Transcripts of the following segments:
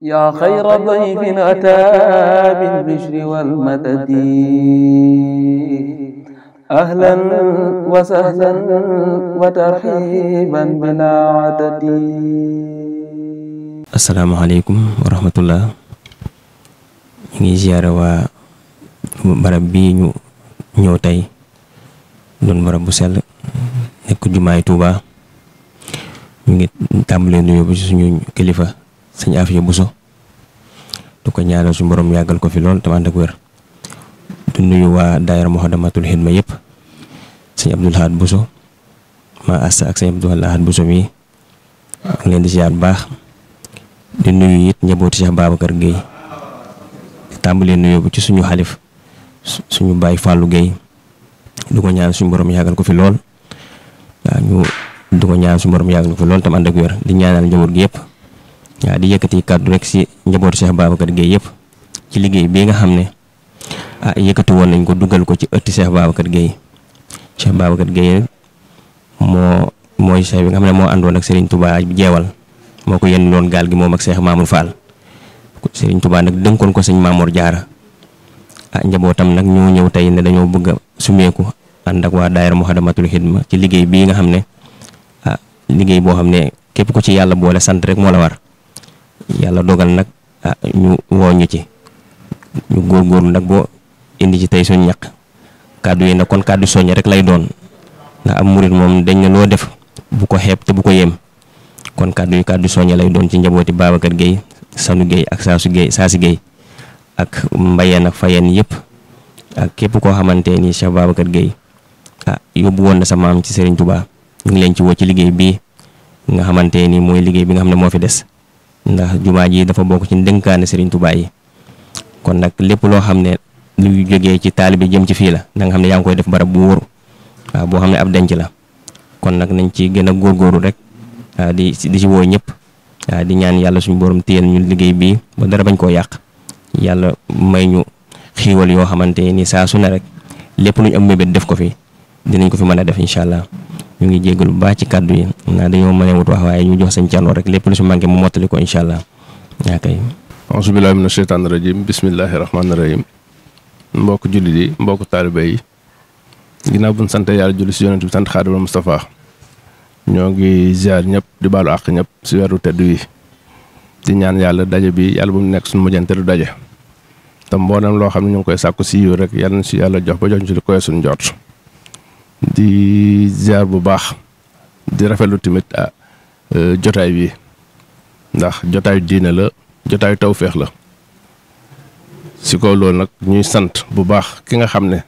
yaa xayra dayfin ataa bil bishri wal madadi ahlan wa sahlan wa tarxiiban bilaa adadi. asalaamaaleykum wa rahmatullah ngi ziyaare waa barab bii ñu ñëw tey doon barab bu sell nekk jumaay Tuuba ñu ngi tàmbalee nuyoo bi suñu kilifa. sëñ Afia Bousso du ko ñaanal suñu borom yàggal ko fi lool te ànd ak wér du nuyu waa daayira Muxaddamatul Xidma yëpp sëñ di ziar bu baax nuyu it njabooti Cheikh Babacar Guèye tàmbalee nuyoo bu ci suñu xalif suñu baay Fallou Guèye du ko ñaan suñu borom yàggal ko fi lool waaw ñu du ko ñaan suñu borom ko tam ànd di ñaanal njaboot gi yëpp. waaw di yëkkati kàddu rek si njabootu Cheikh Babacar Gueye yépp ci liggéey bii nga xam ne ah woon nañ ko dugal ko ci ëtti Cheikh Babacar Gueye Cheikh Babacar Gueye moo mooy bi nga xam ne moo àndoon ak Serigne Touba jeewal moo ko yenn loon gaal gi moom ak Cheikh Mamour Fall Serigne Touba nag dénkoon ko sëñ Mamour Diarra ah njabootam nag ñoo ñëw tey ne dañoo bëgg sumeeku ànd ak waa daayira Muxaddamatul Xidma ci liggéey bii nga xam ne ah, liggéey boo xam ne képp ko ci yàlla boole sant rek moo la war. yàlla dogal nag ah ñu woo ci ñu góorgóorlu nag boo indi ci tey suñ ñaq kàddu yi nag kon kàddu soññe rek lay doon ndax am murit moom dañ ne loo def bu ko xeeb te bu ko yem kon kàddu yi kàddu soññe lay doon ci njabooti Babacar Gueye Sanu Gueye ak Saasu Gueye Saasi Gueye ak mbayeen ak fayeen yëpp ak képp koo xamante nii Cheikh Babacar Gueye ah yóbbu woon na sa maam ci Serigne tubaa ñu ngi leen ci woo ci liggéey bi nga xamante nii mooy liggéey bi nga xam ne moo fi des ndax jumaa ji dafa bokk ci ndénkaane sëriñ Tuubaa yi kon nag lépp loo xam ne lu jógee ci taalibe jëm ci fii la da xam ne yaa ngi koy def barab bu wóor waaw boo xam ne ab denc la kon nag nañ ci gën a góor góoru rek di di ci woo ñëpp di ñaan yàlla suñu borom téyel ñu liggéey bii ba dara bañ koo yàq yàlla may ñu xiiwal yoo xamante ni saa su ne rek lépp lu ñu am mébét def ko fi dinañ ko fi mën a def incha allah. ñu ngi jégalu lu baax ci kàddu yi naa dañoo mën a wut wax waaye ñu jox sañ canoo rek lépp lu si manqué mu mottali ko incha allah yaa kay auzu billaahi mina sheytaani rajim bismillaahi rahmaani rahim mbokk jullit yi mbokk taalibe yi ginnaaw sant yàlla julli si yonent bi sant xaadimal Mustafaa ñoo ngi ziar ñëpp di baalu àq ñëpp si weeru tedd yi di ñaan yàlla daje bi yàlla bu mu nekk suñu mujjanteelu daje te mboolem loo xam ne ñu ngi koy sàkku si yiw rek yàlla na si yàlla jox ba jox ñu si lu koy suñu jot di ziar bu baax di rafetlu tamit ah euh, jotaay bi ndax jotaayu diine la jotaayu tawféex la si ko lool nag ñuy sant bu baax ki nga xam ne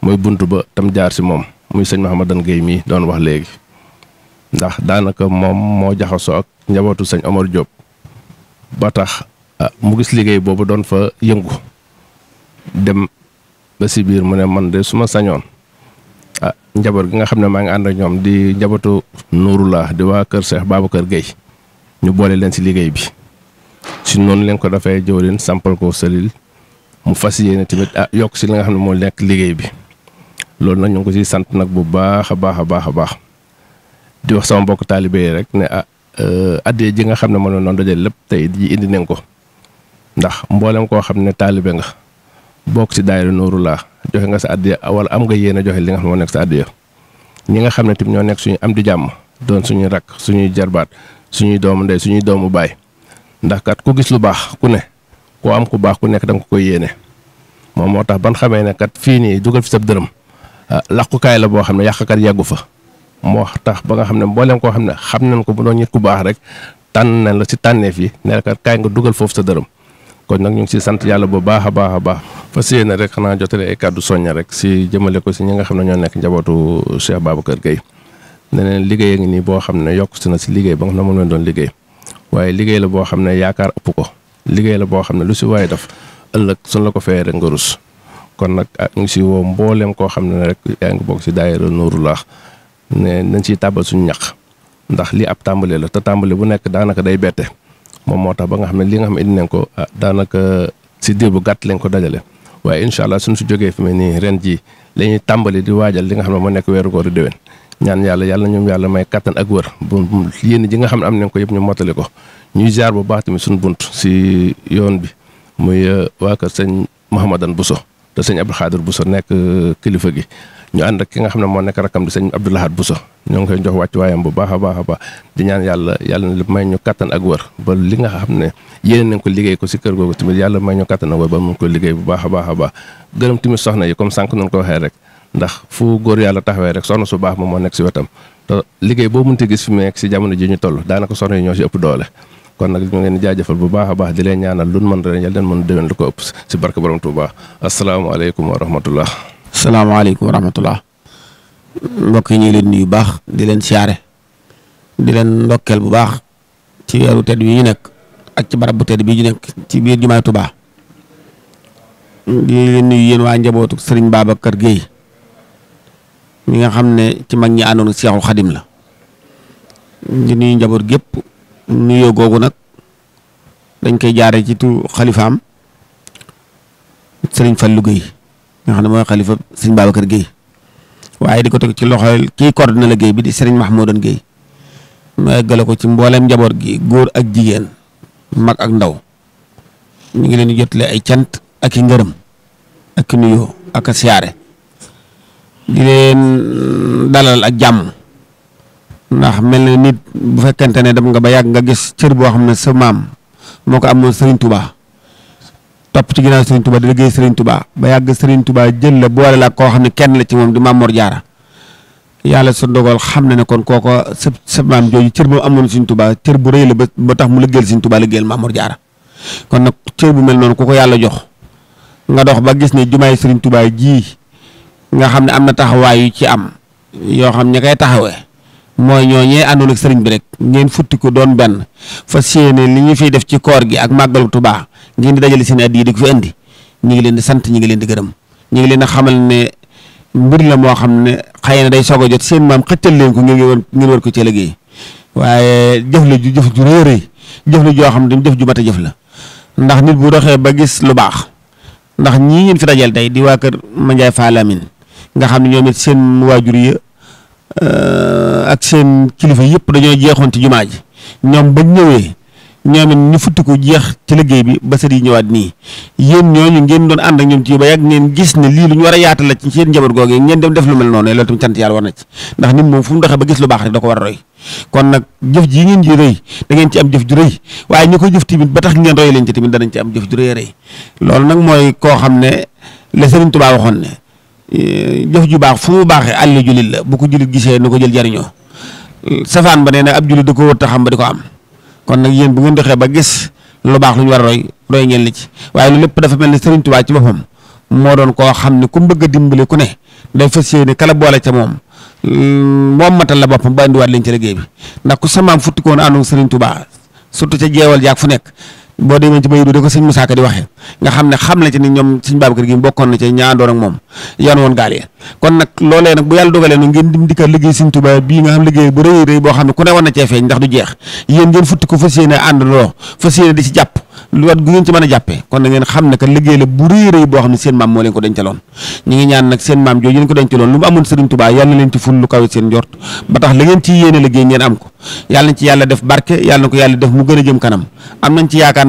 mooy bunt ba tam jaar si moom muy sëñ Mahamadan Guèye mii doon wax léegi ndax daanaka moom moo jaxasoo ak njabootu sañ Omar Diop ba tax ah, mu gis liggéey boobu doon fa yëngu dem ba ci biir mu ne man de su ma sañoon. ah njaboot gi nga xam ne maa ngi ànd ak ñoom di njabootu laa di waa Kër Cheikh Babacar Guèye ñu boole leen si liggéey bi si noonu leen ko dafay jëw leen sampal ko selil mu fas yéene tamit ah yokk si li nga xam ne moo nekk liggéey bi loolu nag ñu ngi ko siy sant nag bu baax a baax a baax a baax di wax sama mbokk taalibe yi rek ne ah euh, addee ji nga xam ne mënoon noonu dajale lépp tey ji indi nañ ko ndax mboolem koo xam ne taalibee nga bokk ci nooru laa joxe nga sa àddiya wala am nga yéen joxe li nga xam moo nekk sa àddiya ñi nga xam ne tamit ñoo nekk suñu am di jàmm doon suñuy rakk suñuy jarbaat suñuy doomu ndey suñuy doomu baay ndax kat ku gis lu baax ku ne koo am ku baax ku nekk danga ko koy yéene moom moo tax ban xamee nekkat fii nii dugal fi sab dërëm ah, làqukaay la boo xam ne yàqkat yàggu fa moo tax ba nga xam ne mbooleem koo xam ne xam nañ ko bu doon nit ku baax rek tànn nañ la ci tànneef yi ne kat dugal foofu sa dërëm kon nag ñu ngi si sant yàlla bu baax a baax a baax fas yéene rek xanaa jotale ay kàddu soñña rek si jëmale ko si ñi nga xam ne ñoo nekk njabootu Cheikh Babacar kër ne leen liggéey ngi nii boo xam ne yokk si na si liggéey ba nga xam ne moom doon liggéey waaye liggéey la boo xam ne yaakaar ëpp ko liggéey la boo xam ne lu si waaye def ëllëg suñ la ko fayee rek nga rus kon nag ah, ñu ngi si woo mbooleem koo xam ne rek yaa ngi bokk si daayira Nuurulaax ne nañ siy tàbbal suñu ñax ndax li ab tàmbalee la te tàmbale bu nekk daanaka day bette moom moo tax ba nga xam ne li nga xam ne indi nañ ko ah daanaka si diir bu gàtt lañ ko dajale waaye incha allah suñ si jógee fi mu nii ren jii lañuy tàmbali di waajal li nga xam ne moo nekk weeru koor di déwén ñaan yàlla yàlla ñoom yàlla may kattan ak wër bu yéen ji nga xam ne am nañ ko yëpp ñu mottali ko ñuy jaar bu baax tamit suñu bunt si yoon bi muy ah, waa kër sëñ Mouhamadane Bousso te sëñ Abdou bu Bousso nekk ah, kilifa gi ñu ànd ki nga xam ne moo nekk rakam di sëñ Abdou Lahad Bousso ñoo ngi koy jox wàcc waayam bu baax a baax a baax di ñaan yàlla yàlla na may ñu kattan ak wër ba li nga xam ne yéene nañ ko liggéey ko si kër googu tamit yàlla may ñu kattan ak wër ba mun ko liggéey bu baax a baax a baax gërëm tamit soxna yi comme sànq noonu ko waxee rek ndax fu góor yàlla taxawee rek soxna su baax moom moo nekk si wetam te liggéey boo mënti gis fi mu nekk si jamono ji ñu toll daanaka soxna yi ñoo ëpp doole kon nag ñu ngeen di bu baax baax di leen ñaanal lu mën ren yàlla leen mën déwén lu ko ëpp si barke borom Tuubaa salaamaaleykum wa rahmatullah mbokk yi ñu ngi leen nuyu baax di leen siyaare di leen ndokkeel bu baax ci weeru tedd bi ñu nekk ak ci barab bu tedd bi ñu nekk ci biir jumaay Tuubaa di leen nuyu yéen waa njabootu Serigne Babacar Guèye mi nga xam ne ci mag ñi àndoon Seexul Xadim la di nuyu njaboot gépp nuyoo googu nag dañ koy jaare ci tu xalifaam Serigne Fallou Guèye nga xam ne mooy xalifa sëñ kër Guèye waaye di ko teg ci loxo kii coordonné liggéey bi di sëriñ Mahmoudan Guèye ma eggale ko ci mbooleem njaboot gi góor ak jigéen mag ak ndaw mu ngi leen di jotale ay cant ak i ngërëm ak i nuyoo ak a siyaare di leen dalal ak jàmm ndax mel na nit bu fekkente ne dem nga ba yàgg nga gis cër boo xam ne sa maam moo ko amoon Sëriñ Tuubaa topp ci ginnaaw Serigne Touba di liggéey Serigne tubaa ba yàgg Serigne Touba jël la boole la koo xam ne kenn la ci moom di Mamor Jaara yàlla sa dogal xam na ne kon kooko sa sa maam jooju cër bu amoon Serigne Touba cër bu rëy la ba ba tax mu la liggéeyal Serigne Touba liggéeyal Mamor Jaara kon nag cër bu mel noonu ku ko yàlla jox nga dox ba gis ne jumaay Serigne tubaa jii nga xam ne am na taxawaay yu ci am yoo xam ña koy taxawee mooy ñooñee àndoon ak sëriñ bi rek ngeen futti ko doon benn fas yéene li ñu fiy def ci koor gi ak màggalu Tuubaa ngeen di dajale seen addiya di ko fi indi ñu ngi leen di sant ñu ngi leen di gërëm ñu ngi leen a xamal ne mbir la moo xam ne xëy na day soog jot seen maam xëccal leen ko ngeen ngeen war ko ci liggéey waaye jëf la ju jëf ju rëy rëy jëf joo xam ne jëf ju mat a jëf la ndax nit bu doxee ba gis lu baax ndax ñii ngeen fi dajal tey di waa kër Mandiaye Fall Amine nga xam ne ñoom it seen waajur yi ak seen kilifa yëpp dañoo jeexoon ci jumaa ji ñoom ba ñëwee ñoom ni ñu futtiku jeex ci liggéey bi ba sët yi ñëwaat nii yéen ñooñu ngeen doon ànd ak ñoom ci ba yàgg ngeen gis ni lii lu ñu war a yaatal la ci seen njaboot googu ngeen dem def lu mel noonu loolu tamit cant yàlla war na ci ndax nit moom fu mu ba gis lu baax rek da ko war a roy kon nag jëf ji ngeen ji rëy da ngeen ci am jëf ju rëy waaye ñu koy jëf tamit ba tax ngeen roy leen ci danañ ci am jëf ju rëy loolu nag mooy koo xam ne la Sëriñ Tuubaa waxoon ne Eh, jëf ju baax fu mu baaxee àll jullit la bu ko jullit gisee nu ko jël jariñoo safaan ba nee na ab jullit da ko wër te xam ba di ko am kon nag yéen bu ngeen doxee ba gis lu baax lu ñu war a roy roy ngeen li ci waaye lu lépp dafa mel ni Sëriñ Tuubaa ci boppam moo doon koo xam ne ku bëgg a dimbali ku ne day fas yéene kala boole ca moom mm, moom matal la boppam ba indiwaat leen ci liggéey bi ndax ku samaam futti koon àndu Sëriñ Tuubaa surtout ca jeewal jaak fu nekk boo demee ci baydu da ko sëñ Musaa di waxee nga xam ne xam na ci ni ñoom sëñ Babacar gi bokkoon na ci ñaan ak moom yan woon gaal ya kon nag loolee nag bu yàlla dogalee nu ngeen dim dikkaat liggéey Sëriñ Tuubaa bii nga xam liggéey bu rëy rëy boo xam ne ku ne ngeen xam ne que liggéey la bu rëy rëy boo xam ne seen maam moo leen ko dencaloon ñu ngi ñaan nag seen maam jooju leen ko dencaloon lu mu amoon Sëriñ Tuubaa yàlla leen ci ful lu kawe seen njort ba tax la ngeen ci yéene liggéey ngeen am ko yàlla na ci yàlla def barke yàlla ko yàlla def mu gën a jëm kanam am nañ ci yaakaar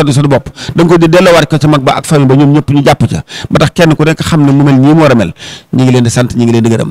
doxee du bopp da nga ko di delloowaat ko ca mag ba ak famille ba ñoom ñëpp ñu jàpp ca ba tax kenn ku nekk xam ne mu mel nii mu war a mel ñu ngi leen di sant ñu ngi leen di gërëm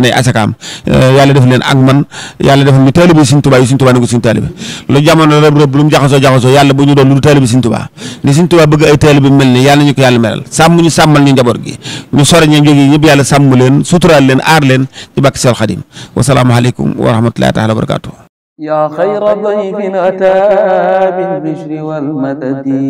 sànnee asakaam euh, yàlla def leen ak man yàlla defal ñu taalibe Sëriñ Tuubaa yi Sëriñ Tuubaa ne ko suñu taalibe lu jamono rëb rëb lu mu jaxasoo ni Sëriñ bëgg ay taalibe mel ni yàlla ñu ko yàlla melal sàmm ñu sàmmal ñu njaboot gi ñu sore ñoom jóge ñëpp yàlla sàmm leen suturaal aar leen ci bàkki Seex Xaadim wasalaamu aleykum wa rahmatullahi wa barakaatu yaa xayra dayfin ataa bil bishri wal madadi